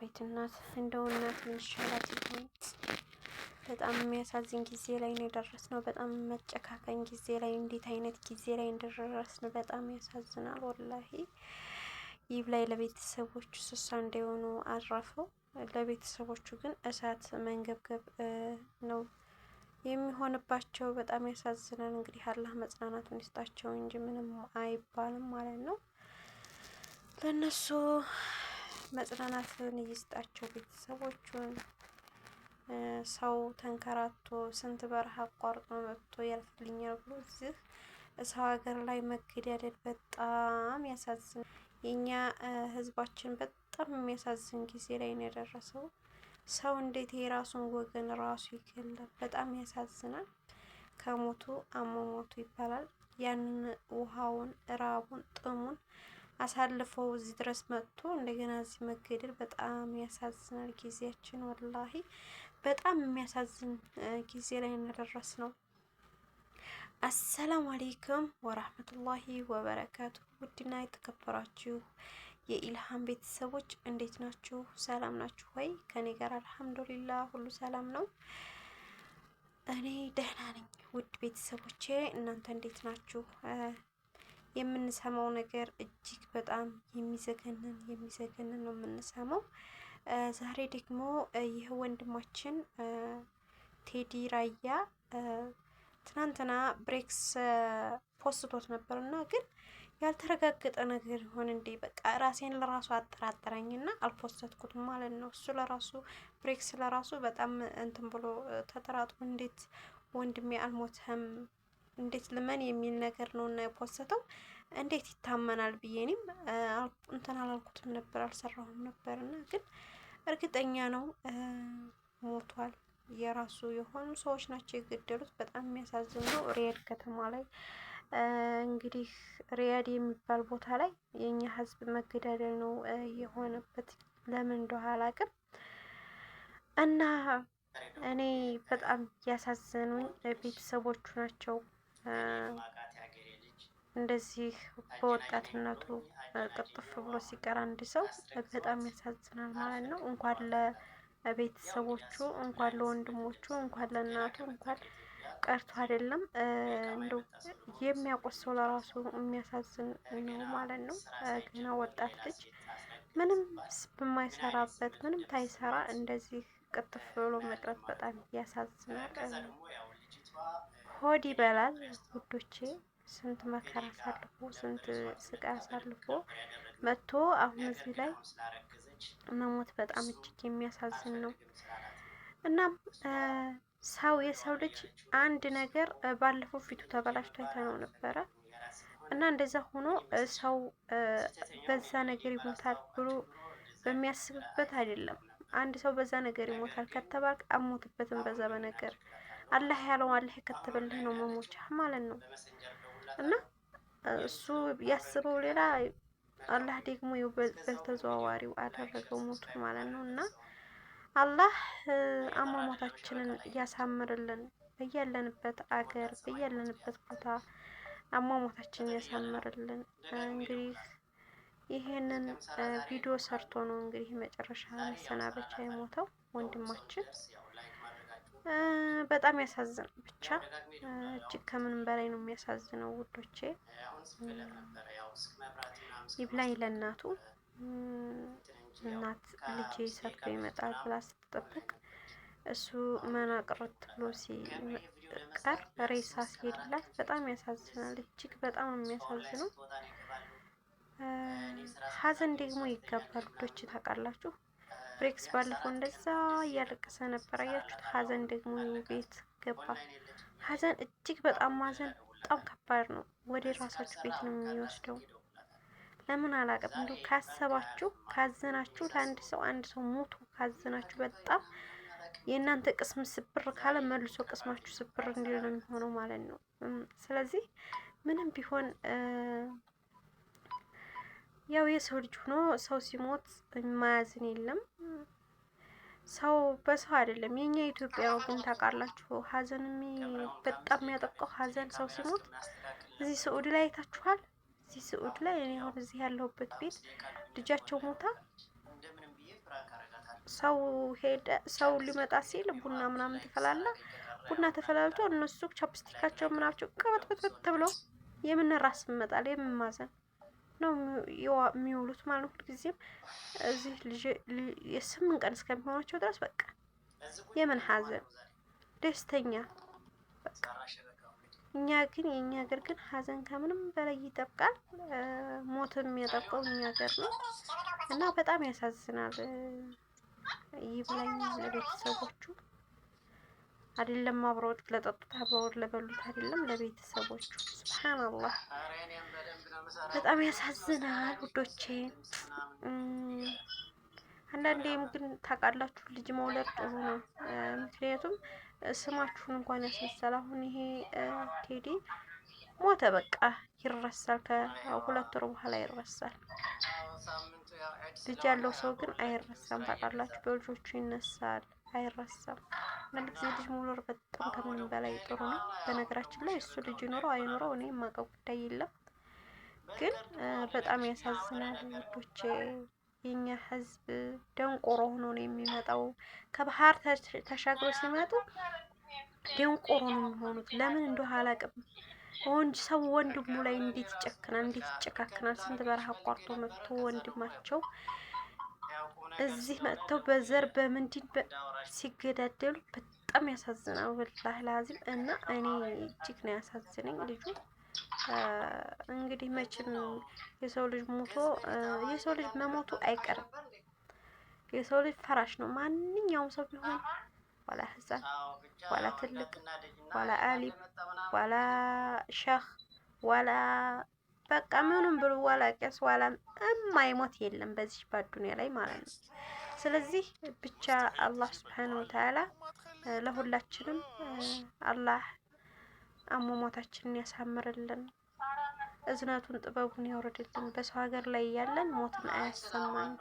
ቤት እናት እንደው እናት ይሆን? በጣም የሚያሳዝን ጊዜ ላይ ነው የደረስነው። በጣም መጨካከኝ ጊዜ ላይ እንዴት አይነት ጊዜ ላይ እንደደረስን በጣም ያሳዝናል። ወላሂ ላይ ለቤተሰቦቹ ስሳ እንዳይሆኑ አረፈው። ለቤተሰቦቹ ግን እሳት መንገብገብ ነው የሚሆንባቸው። በጣም ያሳዝናል። እንግዲህ አላህ መጽናናቱን ይስጣቸው እንጂ ምንም አይባልም ማለት ነው ለእነሱ መጽናናትን ይስጣቸው ቤተሰቦቹን። ሰው ተንከራቶ ስንት በረሃ አቋርጦ መጥቶ ያልፍልኛል ብሎ እዚህ ሰው ሀገር ላይ መገዳደል በጣም ያሳዝን። የእኛ ህዝባችን በጣም የሚያሳዝን ጊዜ ላይ ነው የደረሰው። ሰው እንዴት የራሱን ወገን ራሱ ይገላል? በጣም ያሳዝናል። ከሞቱ አመሞቱ ይባላል። ያንን ውሃውን፣ እራቡን፣ ጥሙን አሳልፈው እዚህ ድረስ መጥቶ እንደገና እዚህ መገደል በጣም ያሳዝናል። ጊዜያችን ወላሂ በጣም የሚያሳዝን ጊዜ ላይ እንደደረስ ነው። አሰላሙ አሌይኩም ወራህመቱላሂ ወበረካቱ። ውድና የተከበራችሁ የኢልሃም ቤተሰቦች እንዴት ናችሁ? ሰላም ናችሁ ወይ? ከኔ ጋር አልሐምዱሊላ ሁሉ ሰላም ነው። እኔ ደህና ነኝ። ውድ ቤተሰቦቼ እናንተ እንዴት ናችሁ? የምንሰማው ነገር እጅግ በጣም የሚዘገንን የሚዘገንን ነው የምንሰማው። ዛሬ ደግሞ ይህ ወንድማችን ቴዲ ራያ ትናንትና ብሬክስ ፖስቶት ነበር እና ግን ያልተረጋገጠ ነገር ይሆን እንዴ? በቃ ራሴን ለራሱ አጠራጠረኝና አልፖስተትኩትም ማለት ነው። እሱ ለራሱ ብሬክስ ለራሱ በጣም እንትን ብሎ ተጠራጥሮ እንዴት ወንድሜ አልሞተም እንዴት ልመን የሚል ነገር ነው እና የፖሰተው እንዴት ይታመናል ብዬ እኔም እንትን አላልኩትም ነበር አልሰራሁም ነበር እና ግን እርግጠኛ ነው ሞቷል። የራሱ የሆኑ ሰዎች ናቸው የገደሉት። በጣም የሚያሳዝን ነው። ሪያድ ከተማ ላይ እንግዲህ ሪያድ የሚባል ቦታ ላይ የእኛ ህዝብ መገዳደል ነው የሆነበት። ለምን እንደሆነ አላውቅም እና እኔ በጣም ያሳዘኑኝ ቤተሰቦቹ ናቸው። እንደዚህ በወጣትነቱ ቅጥፍ ብሎ ሲቀር አንድ ሰው በጣም ያሳዝናል ማለት ነው። እንኳን ለቤተሰቦቹ፣ እንኳን ለወንድሞቹ፣ እንኳን ለእናቱ እንኳን ቀርቶ አይደለም እንደው የሚያቆስ ለራሱ የሚያሳዝን ነው ማለት ነው። ገና ወጣት ልጅ ምንም በማይሰራበት ምንም ታይሰራ እንደዚህ ቅጥፍ ብሎ መቅረት በጣም ያሳዝናል። ሆድ ይበላል ውዶቼ። ስንት መከራ አሳልፎ ስንት ስቃይ አሳልፎ መጥቶ አሁን እዚህ ላይ መሞት በጣም እጅግ የሚያሳዝን ነው። እናም ሰው የሰው ልጅ አንድ ነገር ባለፈው ፊቱ ተበላሽቶ አይተነው ነበረ እና እንደዛ ሆኖ ሰው በዛ ነገር ይሞታል ብሎ በሚያስብበት አይደለም። አንድ ሰው በዛ ነገር ይሞታል ከተባልክ አሞትበትም በዛ በነገር አላህ ያለው አላህ ከተበልህ ነው መሞቻ ማለት ነው። እና እሱ ያስበው ሌላ አላህ ደግሞ በተዘዋዋሪው አደረገው ሞቱ ማለት ነው። እና አላህ አሟሟታችንን ያሳምርልን በያለንበት አገር በያለንበት ቦታ አሟሟታችንን ያሳምርልን። እንግዲህ ይሄንን ቪዲዮ ሰርቶ ነው እንግዲህ መጨረሻ መሰናበቻ የሞተው ወንድማችን በጣም ያሳዝን ብቻ እጅግ ከምንም በላይ ነው የሚያሳዝነው ውዶቼ። ይብላኝ ለእናቱ እናት ልጄ ሰርቶ ይመጣል ብላ ስትጠብቅ እሱ መናቅሮት ብሎ ሲቀር ሬሳ ሲሄድላት በጣም ያሳዝናል። እጅግ በጣም ነው የሚያሳዝነው። ሀዘን ደግሞ ይገባል ውዶቼ ታውቃላችሁ። ብሬክስ ባለፈው እንደዛ እያለቀሰ ነበር። አያችሁት? ሀዘን ደግሞ ቤት ገባ። ሀዘን እጅግ በጣም ማዘን በጣም ከባድ ነው። ወደ ራሳችሁ ቤት ነው የሚወስደው። ለምን አላቅም። እንዲሁ ካሰባችሁ ካዘናችሁ፣ ለአንድ ሰው አንድ ሰው ሞቶ ካዘናችሁ በጣም የእናንተ ቅስም ስብር ካለ መልሶ ቅስማችሁ ስብር እንዲሆን ነው የሚሆነው ማለት ነው። ስለዚህ ምንም ቢሆን ያው የሰው ልጅ ሆኖ ሰው ሲሞት የማያዝን የለም። ሰው በሰው አይደለም። የኛ ኢትዮጵያ ግን ታውቃላችሁ፣ ሀዘን በጣም የሚያጠቃው ሀዘን ሰው ሲሞት። እዚህ ስዑድ ላይ አይታችኋል። እዚህ ስዑድ ላይ እኔ አሁን እዚህ ያለሁበት ቤት ልጃቸው ሞታ ሰው ሄደ። ሰው ሊመጣ ሲል ቡና ምናምን ተፈላላ። ቡና ተፈላልቶ እነሱ ቻፕስቲካቸው ምናቸው ቅበጥበጥበጥ ተብለው የምን ራስ ይመጣል የምን ማዘን ነው የሚውሉት ማለት ሁል ጊዜም እዚህ ልጅ የስምንት ቀን እስከሚሆናቸው ድረስ በቃ የምን ሀዘን ደስተኛ በቃ እኛ ግን የእኛ ሀገር ግን ሀዘን ከምንም በላይ ይጠብቃል። ሞትም የሚያጠብቀው እኛ ሀገር ነው እና በጣም ያሳዝናል። ይብላኝ ለቤተሰቦቹ አይደለም አብረውት ለጠጡት አብረውት ለበሉት አይደለም ለቤተሰቦቹ ስብሓን አላህ በጣም ያሳዝናል ውዶቼ። አንዳንዴም ግን ታውቃላችሁ ልጅ መውለድ ጥሩ ነው። ምክንያቱም ስማችሁን እንኳን ያስመሰል። አሁን ይሄ ቴዲ ሞተ፣ በቃ ይረሳል። ከሁለት ወር በኋላ ይረሳል። ልጅ ያለው ሰው ግን አይረሳም። ታውቃላችሁ በልጆቹ ይነሳል፣ አይረሳም። አንዳንድ ጊዜ ልጅ መውለድ በጣም ከምንም በላይ ጥሩ ነው። በነገራችን ላይ እሱ ልጅ ይኖረው አይኖረው እኔ የማውቀው ጉዳይ የለም። ግን በጣም ያሳዝናል ውዶቼ። የኛ ህዝብ ደንቆሮ ሆኖ ነው የሚመጣው። ከባህር ተሻግሮ ሲመጡ ደንቆሮ ነው የሚሆኑት። ለምን እንደው ቅም? ወንድ ሰው ወንድሙ ላይ እንዴት ይጨክናል? እንዴት ይጨካክናል? ስንት በረሃ አቋርጦ መጥቶ ወንድማቸው እዚህ መጥተው በዘር በምንድን ሲገዳደሉ በጣም ያሳዝናል። ወላሂ ላዚም እና እኔ እጅግ ነው ያሳዝነኝ ልጁ እንግዲህ መቼም የሰው ልጅ ሞቶ የሰው ልጅ መሞቱ አይቀርም። የሰው ልጅ ፈራሽ ነው። ማንኛውም ሰው ቢሆን ዋላ ህፃን፣ ዋላ ትልቅ፣ ዋላ አሊም፣ ዋላ ሸህ፣ ዋላ በቃ ምንም ብሎ ዋላ ቄስ፣ ዋላ እማይሞት የለም በዚህ በዱንያ ላይ ማለት ነው። ስለዚህ ብቻ አላህ ሱብሓነሁ ወተዓላ ለሁላችንም አላህ አሟሟታችንን ያሳምርልን፣ እዝነቱን ጥበቡን ያውርድልን። በሰው ሀገር ላይ እያለን ሞትን አያሰማን።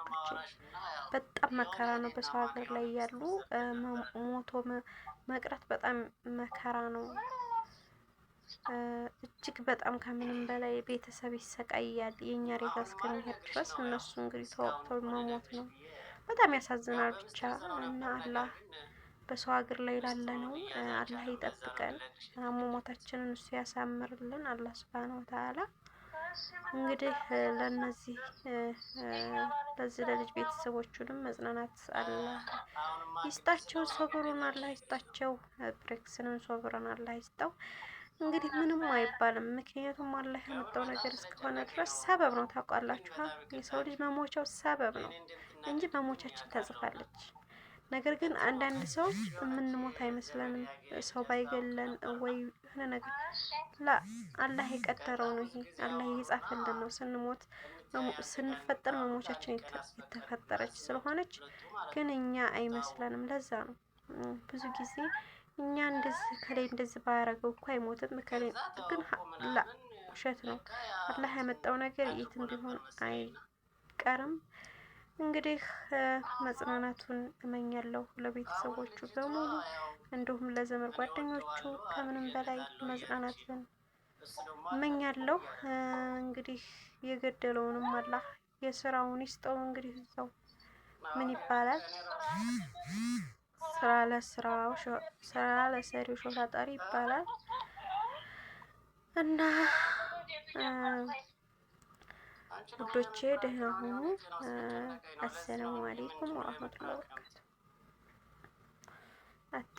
በጣም መከራ ነው። በሰው ሀገር ላይ እያሉ ሞቶ መቅረት በጣም መከራ ነው። እጅግ በጣም ከምንም በላይ ቤተሰብ ይሰቃያል። የእኛ ሬሳ እስከሚሄድ ድረስ እነሱ እንግዲህ ተወቅተው መሞት ነው። በጣም ያሳዝናል ብቻ እና አላህ በሰው ሀገር ላይ ላለ ነው። አላህ ይጠብቀን፣ አሟሟታችንን እሱ ያሳምርልን። አላህ ስብሃነ ወተዓላ እንግዲህ ለነዚህ ለዚህ ለልጅ ቤተሰቦቹንም መጽናናት አላህ ይስጣቸው፣ ሶብሩን አላህ ይስጣቸው፣ ብሬክስንም ሶብሩን አላህ ይስጠው። እንግዲህ ምንም አይባልም። ምክንያቱም አላህ ያመጣው ነገር እስከሆነ ድረስ ሰበብ ነው። ታውቃላችሁ፣ የሰው ልጅ መሞቻው ሰበብ ነው እንጂ መሞቻችን ተጽፋለች። ነገር ግን አንዳንድ ሰዎች የምንሞት አይመስለንም። ሰው ባይገለን ወይ የሆነ ነገር ላ አላህ የቀጠረው ነው። ይሄ አላህ የጻፈልን ነው። ስንሞት ስንፈጠር መሞቻችን የተፈጠረች ስለሆነች ግን እኛ አይመስለንም። ለዛ ነው ብዙ ጊዜ እኛ እንደዚህ ከላይ እንደዚህ ባያረገው እኮ አይሞትም። ከላይ ግን ላ ውሸት ነው። አላህ ያመጣው ነገር የትም ቢሆን አይቀርም። እንግዲህ መጽናናቱን እመኛለሁ ለቤተሰቦቹ በሙሉ እንዲሁም ለዘመድ ጓደኞቹ ከምንም በላይ መጽናናትን እመኛለሁ። እንግዲህ የገደለውንም አላህ የስራውን ይስጠው። እንግዲህ ሰው ምን ይባላል? ስራ ለስራው ስራ ለሰሪው ሾህ ይባላል እና ውዶቼ ደህና ሁኑ። አሰላሙ አሌይኩም ወረህመቱላሂ ወበረካቱ።